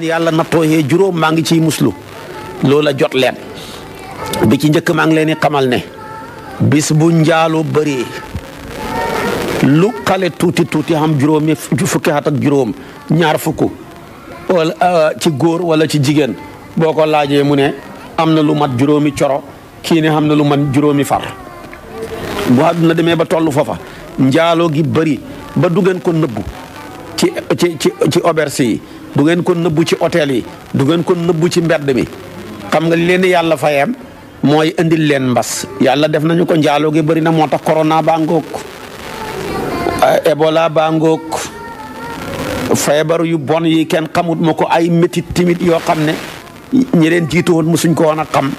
yàlla nattoo yee juróom juro mangi ciy muslu lola jot len bi ci njëkk mang leni xamal ne bis bu ndialu bëri lu xale tuti-tuti ham juróomi fukki hat ak juróom ñaar fukku ah, wala ci gor wala ci jigen boko laaje mu ne amna lu mat juróomi coro ki ne amna lu mat juróomi far bu àdduna deme ba tollu fofa ndialo gi bëri ba du ko neub ci ci ci auberge du ngeen ko nëbbu ci hôtel yi du ngeen ko nëbbu ci mbedd mi xam nga leen yàlla fayam mooy indil leen mbas yàlla def nañu ko njaaloo gi bari na moo tax corona baa ngoog ah, Ebola baa ngoog feebar yu bon yi kenn xamut ma ko ay métit timit yoo xam ne ñi leen jiitu woon mosuñ ko woon a xam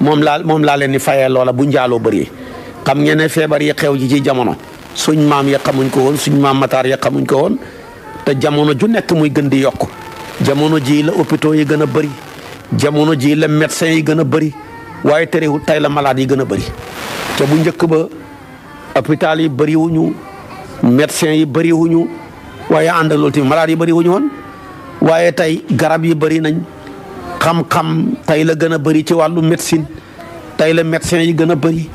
moom laa moom laa leen di fayee loola bu njaaloo bari xam ngeen ne feebar yi xew ji ci jamono suñ maam ya xamuñ ko woon suñ maam mataar ya xamuñ ko woon. jamono ju nekk muy gën di yokk jamono jii la hôpitaux yi gën a bëri jamono ji la médecins yi gën a bëri waaye terewul tey la malade yi gën a bëri te bu njëkk ba hôpital yi bëriwuñu médecins yi bëriwuñu waaye ànd ak yi bëriwuñu woon waaye tey garab yi bëri nañ xam-xam tey la gën a bëri ci wàllu médecine tey la médecins yi gën a bëri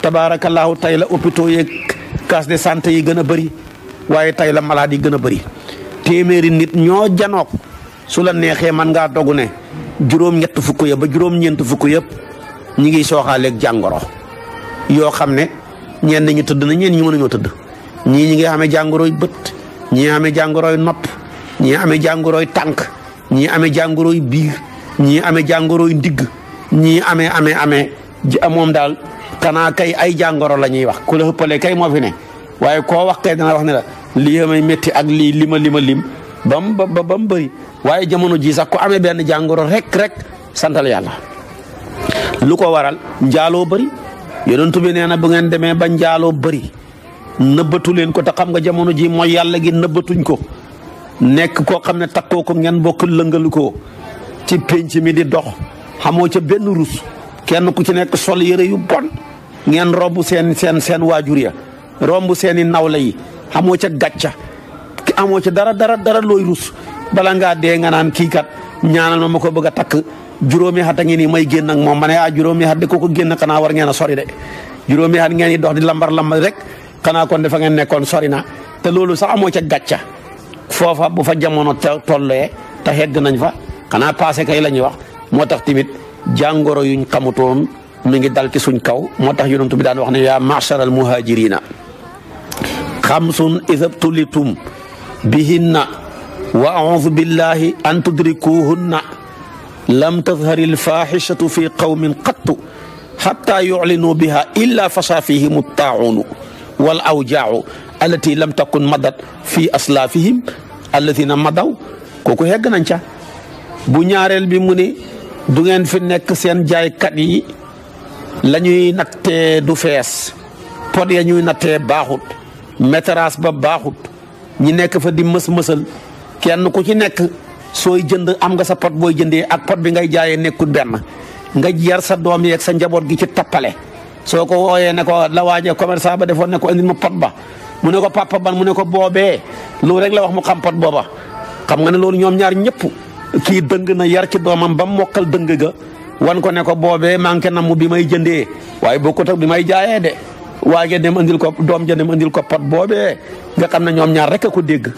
tabaarakallaahu tey la hôpitaux yeeg case de santé yi gën a bëri waaye tey la malade yi gën a bëri téeméeri nit ñoo janoog su la neexee man ngaa dogu ne juróom-ñett fukk ya ba juróom fukk yëpp ñi ngi sooxaaleeg jàngoro yoo xam ne ñenn ñu tëdd na ñeen ñu mënuñoo tëdd ñi ñi ngi amee jàngoroy bët ñii amee jàngoroy nopp ñi amee jàngoroy tànk ñii amee jàngoroy biir ñii amee jàngoroy ndigg ñii amee amee amee moom daal kanaa kay ay jàngoro la ñuy wax ku la xëppalee kay moo ne waaye koo wax kay dana wax ne la li yamay metti ak li lima lima lim bam bam bam bari waye jamono ji sax ko amé ben jangoro rek rek santal yalla lu ko waral njaalo bari yonentou bi neena bu ngeen demee ba njaalo bari neubatu len ko ta xam nga jamono ji moy yalla gi neubatuñ ko nek ko xamne ne ko ngeen bokk leungal ko ci penc mi di dox xamo ci ben rus kenn ku ci nek sol yere yu bon ngeen robu sen sen sen wajur ya rombu seeni nawla Amoche ca amoche amo ca dara dara dara loy rus bala nga de nga nan ki kat ñaanal ma mako ko bëgg a takk juróomi xat a may genn ak mom mané a ah, juroomi juróomi de kooku war ngeen sori de juroomi ngeen ni dox di lambar lambar rek kana kon defa ngeen nekkon sori na te lolu sax amo ca gàcca fofa bu fa jamono tolle ta xegg nañ fa kana passé kay lañ wax motax timit jangoro yuñ xamutoon mi ngi dal ci suñ kaw motax yoonu tubi daan wax ni ya al muhajirina خمس إذا ابتليتم بهن وأعوذ بالله أن تدركوهن لم تظهر الفاحشة في قوم قط حتى يعلنوا بها إلا فشا فيهم الطاعون والأوجاع التي لم تكن مضت في أسلافهم الذين مضوا كوكو هيك نانشا ca البموني دوين في mu ne du ngeen fi nekk seen jaaykat yi la metras ba baxut ñi nekk fa di mës mësal kenn ku ci nekk soy jënd am nga sa pot boy jëndé ak pot bi ngay jaayé nekkut ben nga yar sa yi ak sa njabot gi ci tapalé soko ko wooyee ne ko la waaje commerçant ba defoon ne ko indil ma pot ba mu ne ko papa ban mu ne ko bobé lu rek la wax mu xam pot boba xam nga ne lolu ñom ñaar ñepp ki dëng na yar ci domam ba mokal dëng ga wan ko ne ko bobé manké namu bi may jëndé waye bokkut ak bi may jaayé de waaye ja dem andil ko doom ja dem andil ko pot boobee nga xam ne ñoom ñaar rek a ko dégg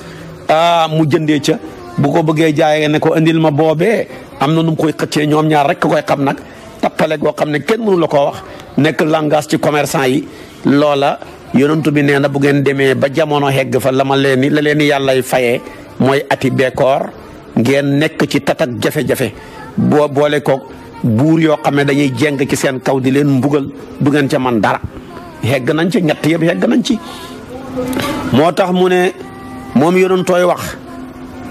ah mu jëndee ca bu ko bëggee jaayee ne ko indil ma boobee am na nu mu koy xëccee ñoom ñaar rek koy xam nag tappale goo xam ne kenn mënu la koo wax nekk langage ci commerçant yi loola yonent bi nee na bu ngeen demee ba jamono hegg fa la ma leen ni la leen ni yàllay fayee mooy ati beekoor ngeen nekk ci tatak jafe-jafe boo boole ko buur yoo xam ne dañuy jeng ci seen kaw di leen mbugal du ngeen man dara yegg nañ ci ñett yëpp yegg nañ ci moo tax mu ne moom yonoon tooy wax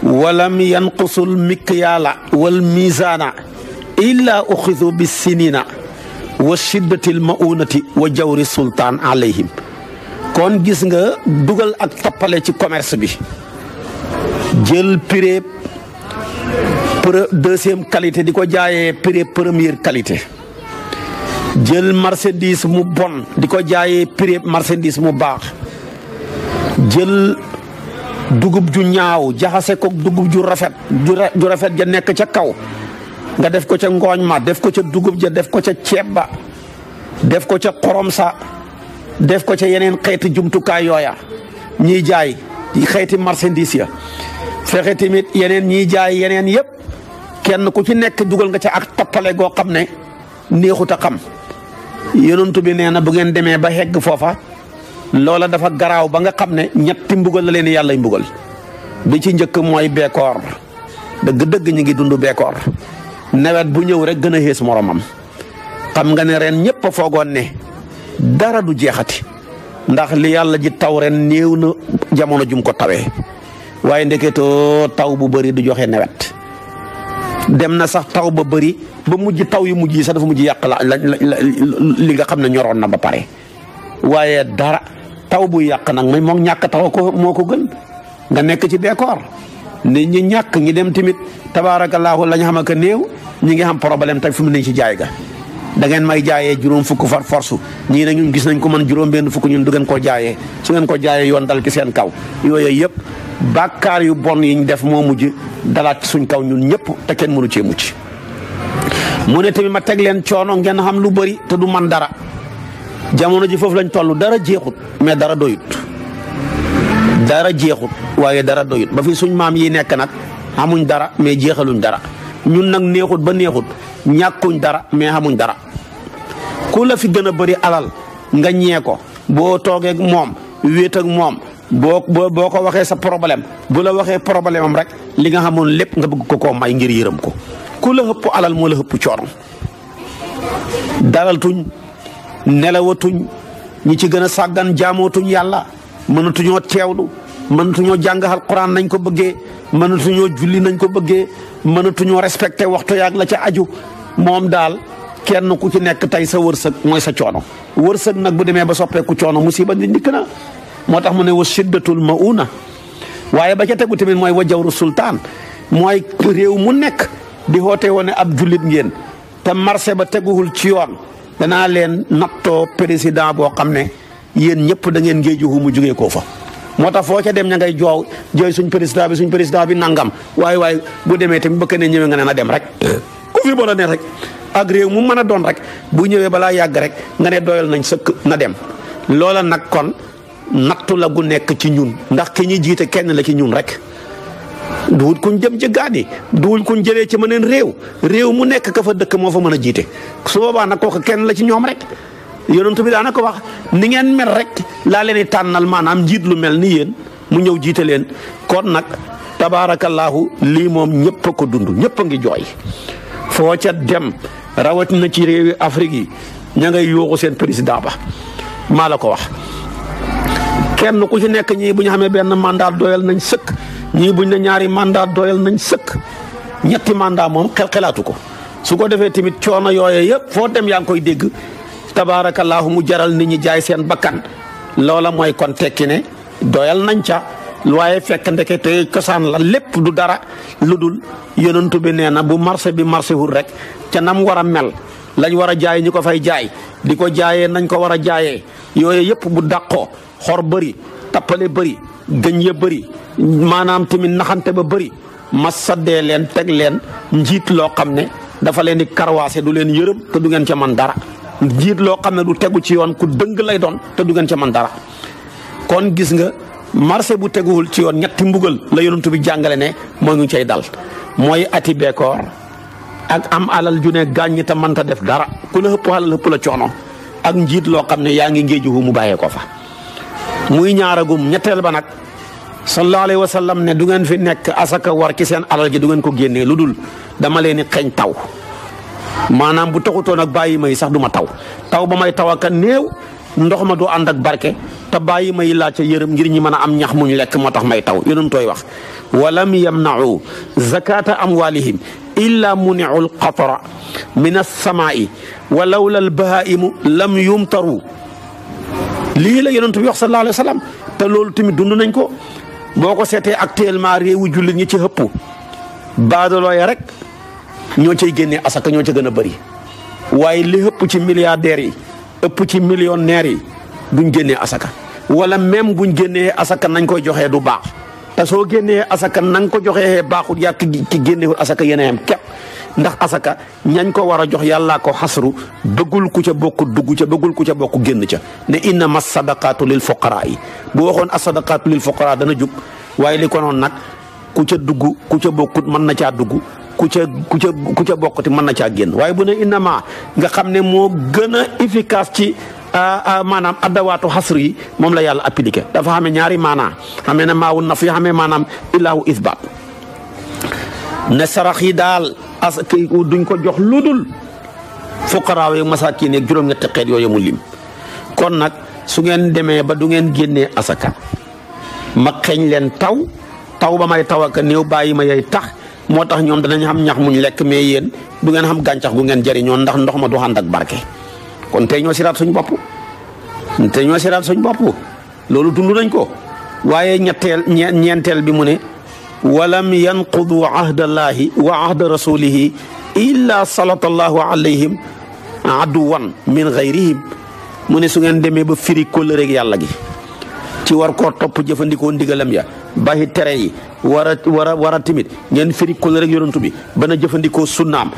walam yanqusul mikyaala wal miisaana illaa uxidu bi sinina wa shiddatil maunati wa jawri sultaan alayhim kon gis nga dugal ak toppale ci commerce bi jël prix deuxième qualité di ko jaayee prix première qualité jël marchandise mu bon di ko jaayee prix marchandise mu baax jël dugub ju ñaaw jaxase ko dugub ju rafet ju rafet ja nekk ca kaw nga def ko ca ngooñ ma def ko ca dugub ja def ko ca ceeb ba def ko ca xorom sa def ko ca yeneen xeeti jumtukaay yooya ñiy jaay xeeti marchandise ya fexe tamit yeneen ñiy jaay yeneen yëpp kenn ku ci nekk dugal nga ca ak toppale goo xam ne neexut a xam yonent bi nee na bu ngeen demee ba hegg foofa loola dafa garaaw ba nga xam ne ñetti mbugal la leen yàllay mbugal bi ci njëkk mooy beekoor dëgg-dëgg ñu ngi dund beekoor nawet bu ñëw rek gën a xées moromam xam nga ne ren ñëpp a foogoon ne dara du jeexati ndax li yàlla ji taw ren néew na jamono jum ko tawee waaye ndeketoo taw bu bëri du joxe nawet dem na sax taw ba beuri ba mujj taw yu mujj sa dafa mujj yak la li nga xam ne ñoroon na ba pare waaye dara taw bu yak nak may moom ñak taw ko moko ko gën nga nek ci décor ni ñi ñak ñi dem timit tabarakallah lañ xam ak ñi nga xam problème tak fu mu ne ci jaay ga da ngeen may jaayé juroom fukk far force ñi na ñun gis nañ ko man juroom ben fukk ñun du ngeen ko jaayé ci ngeen ko jaayé yoon dal ci seen kaw yooyu yep bàkkaar yu bon yi def mo mujj dalat suñ kaw ñun ñepp te kenn mënu ci mucc mu ne tamit ma teg leen coono ngeen xam lu bari te du man dara jamono ji fofu lañ tollu dara jeexut mais dara doyut dara jeexut waaye dara doyut ba fi suñ maam yi nekk nag amuñ dara mais jeexaluñ dara ñun nag neexut ba neexut ñàkkuñ dara mais amuñ dara ku la fi gën a bëri alal nga ñee ko boo toogee ak moom wéet ak moom boo boo ko waxee sa problème bu la waxee problème am rek li nga xamoon lépp nga bëgg ko koo may ngir yërëm ko ku la xëpp alal moo la xëpp coono dalaltuñ nelawatuñ ñi ci gën a sàggan jaamootuñ yàlla mënatuñoo teewlu mënatuñoo jàng alquran nañ ko bëggee mënatuñoo julli nañ ko bëggee mënatuñoo respecté waxtu yaag la ca aju moom daal kenn ku ci nekk tey sa wërsëg mooy sa coono wërsëg nag bu demee ba soppeeku coono musiba nit dikk na moo tax mu ne wa shiddatul mauna waaye ba ca tegu tamit mooy wa jawru sultaan mooy réew mu nekk di xoote woon ab jullit ngeen te marché ba teguwul ci yoon danaa leen nattoo président boo xam ne yéen ñëpp da ngeen ngéeju mu jugee koo fa. moo tax foo ca dem ña ngay joow jooy suñ président bi suñ président bi nangam waaye waaye bu demee tamit bëgg ne ñëwee nga ne na dem rek ku fi boole ne rek ak réew mu mën a doon rek bu ñëwee balaa yàgg rek nga ne doyal nañ sëkk na dem loola nag kon nattu la nekk ci ñun ndax ki ñuy jiite kenn la ci ñun rek duwul kuñ jëm jëggaani duwul kuñ jëlee ci mëneen réew réew mu nekk ka fa dëkk moo fa mën a jiite su boobaa nag kooku kenn la ci ñoom rek yonent bi daana ko wax ni ngeen mel rek laa leen di tànnal maanaam njiit lu mel ni yéen mu ñëw jiite leen kon nag tabaarakallaahu lii moom ñëpp ko dund ñëpp a ngi jooy foo ca dem rawatina ci réew réewi Afrique yi ña ngay yooxu seen président ba maa la ko wax kenn ku ci nekk ñii bu ñu xamee benn mandat doyal nañ sëkk ñii bu ne ñaari mandat doyal nañ sëkk ñetti mandat moom xel xelaatu ko su ko defee tamit coono yooye yëpp foo dem yaa ngi koy dégg tabarakallahu mu jaral nit ñi jaay seen bakkan loola mooy kon tekki ne doyal nañ ca waaye fekk ndeke te la lépp du dara lu dul bi nee na bu marché bi marché wul rek ca nam war mel lañ war a jaay ñi ko fay jaay di ko jaayee nañ ko war a jaayee yooyu yëpp bu dàqoo xor bari tapale bari gëñ ya bari manam timi naxante ba bari ma sadde len tek len njit lo xamne dafa len di karwasé du len yërëm te du ngeen ci man dara njit lo xamne du tegu ci yoon ku deung lay don te du ngeen ci man dara kon gis nga marché bu teggul ci yoon ñetti mbugal la yonentu bi jàngale ne mo ngi cey dal moy ati beekoor ak am alal ju ne ta man ta def dara ku la hepp alal hepp la coono ak njit lo xamne yaangi ngeejju mu baye ko fa muy ñaaragum ñetteel ba nag sallallahu alayhi wa sallam ne du ngeen fi nekk asaka war ki seen alal gi du ngeen ko génnee lu dul dama leen xeeñ taw maanaam bu taxutoon ak bàyyi may sax du ma taw taw ba may taw ak a néew ndox ma du ànd ak barke te bàyyi may laajte yërëm ngir ñi mën a am ñax muñ lekk moo tax may taw yéen tooy wax walam yamnau zakata amwalihim illa muniu lqatara min alsamaai wa lawla albahaimu lam yumtaru lii la yonent bi yox sallallahu alayhi wa sallam te loolu tamit dund nañ ko boo ko seetee actuellement réewu jullit ñi ci ëpp baadaloo ya rek ñoo cay génnee asaka ñoo ca gën a bëri waaye li ëpp ci milliardaires yi ëpp ci millionnaires yi buñ génnee asaka wala même buñ génnee asaka nañ koy joxee du baax te soo génnee asaka na nga ko joxee baaxul yàq ki génnewul asaka yeneen am ndax asaka ñañ ko war a jox yàllaa ko xasru bëggul ku ca bokkut dugg ca bëggul ku ca bokk génn ca ne innama sadaqaatu lil fuqaraa yi bu waxoon asadaqaatu lil fuqaraa dana jub waaye li ko noon nag ku ca dugg ku ca bokkut mën na caa dugg ku ca ku ca ku ca bokkati mën na caa génn waaye bu ne innama nga xam ne moo gën a efficace ci maanaam addawaatu xasr yi moom la yàlla appliqué dafa xamee ñaari maanaa xamee ne maawu naf yi xame maanaam illaahu isbaat ne sarax daal as kay duñ ko jox ludul fuqara yi masakin ak juroom ñetti xet yooyu mu lim kon nak su ngeen deme ba du ngeen genné asaka ma xagn len taw taw ba may taw ak neew bàyyi ma yay tax motax ñom ñoom danañ ñax muñ lek me yeen du ngeen xam gantax bu ngeen ñoon ndax ndox ma du barke kon tay ñoo sirat suñu bop tay ñoo sirat suñu bop lolu dundu nañ ko waye ñettel ñentel bi mu ne walam yanqudu ahdallaahi wa ahda rasulihi illa salatallaahu alayhim aduwan min gayrihim mu ne su ngeen demee ba firi rek yàlla gi ci war koo topp jëfandikoo ndigalam ya bàyyi tere yi war a war a war a timit ngeen firi bi bana jëfandikoo sunnaam